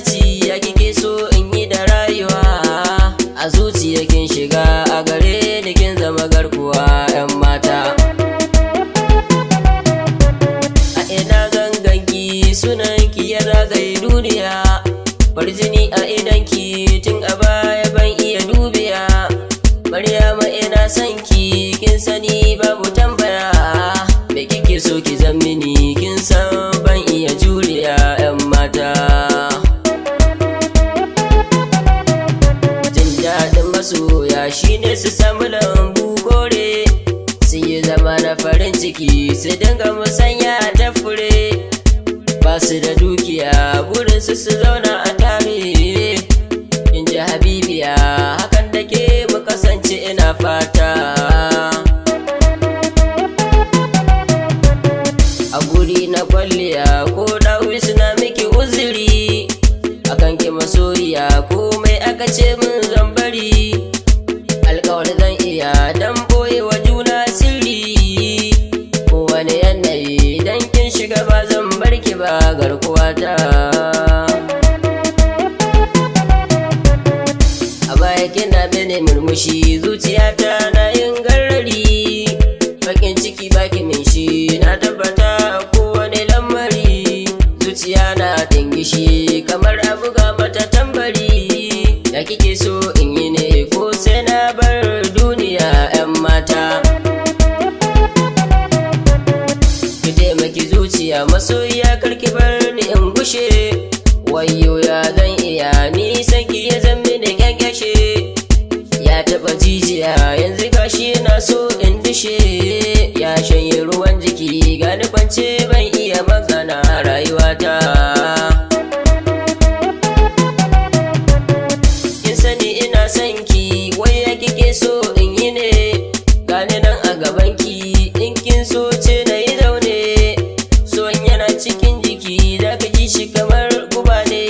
ta ya kike so in yi da rayuwa a zuciya kin shiga a gare ni kin zama garkuwa yan mata a ina ki sunan ki ya zagaye duniya farjini a idan ki tun a baya ban iya dubiya ma ina son ki kin sani babu tambaya me kike so ki zammini kin san ban iya jure masoya shine su samu lambu kore sun yi zama na farin ciki su dinga musanya ta fure ba su da dukiya burinsu su zauna a tare in ji habibiya hakan da ke mu kasance ina fata a guri na kwalliya iya komai aka ce min zan bari alkawar zan iya dan boye wa juna sirri wani yanayi dan kin shiga ba zan barki ba garkuwa ta a baya kina bene murmushi zuciyata na yin garari bakin ciki baki min shi na kike so in yi ne ko sai na bar duniya 'yan mata ki taimaki zuciya masoyiya karki bar ni in gushe wayo ya zan iya ni sanki ya mi da kyakkyashe. ya taba jijiya yanzu gashi na so in dushe ya shanye ruwan jiki ga nufance ban iya magana rayuwata gani nan a gabanki in kin so ce na yi zaune son yana cikin jiki da ka ji shi kamar guba ne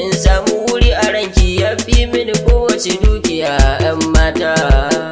in samu wuri a ranki ya fi mini kowace dukiya 'yan mata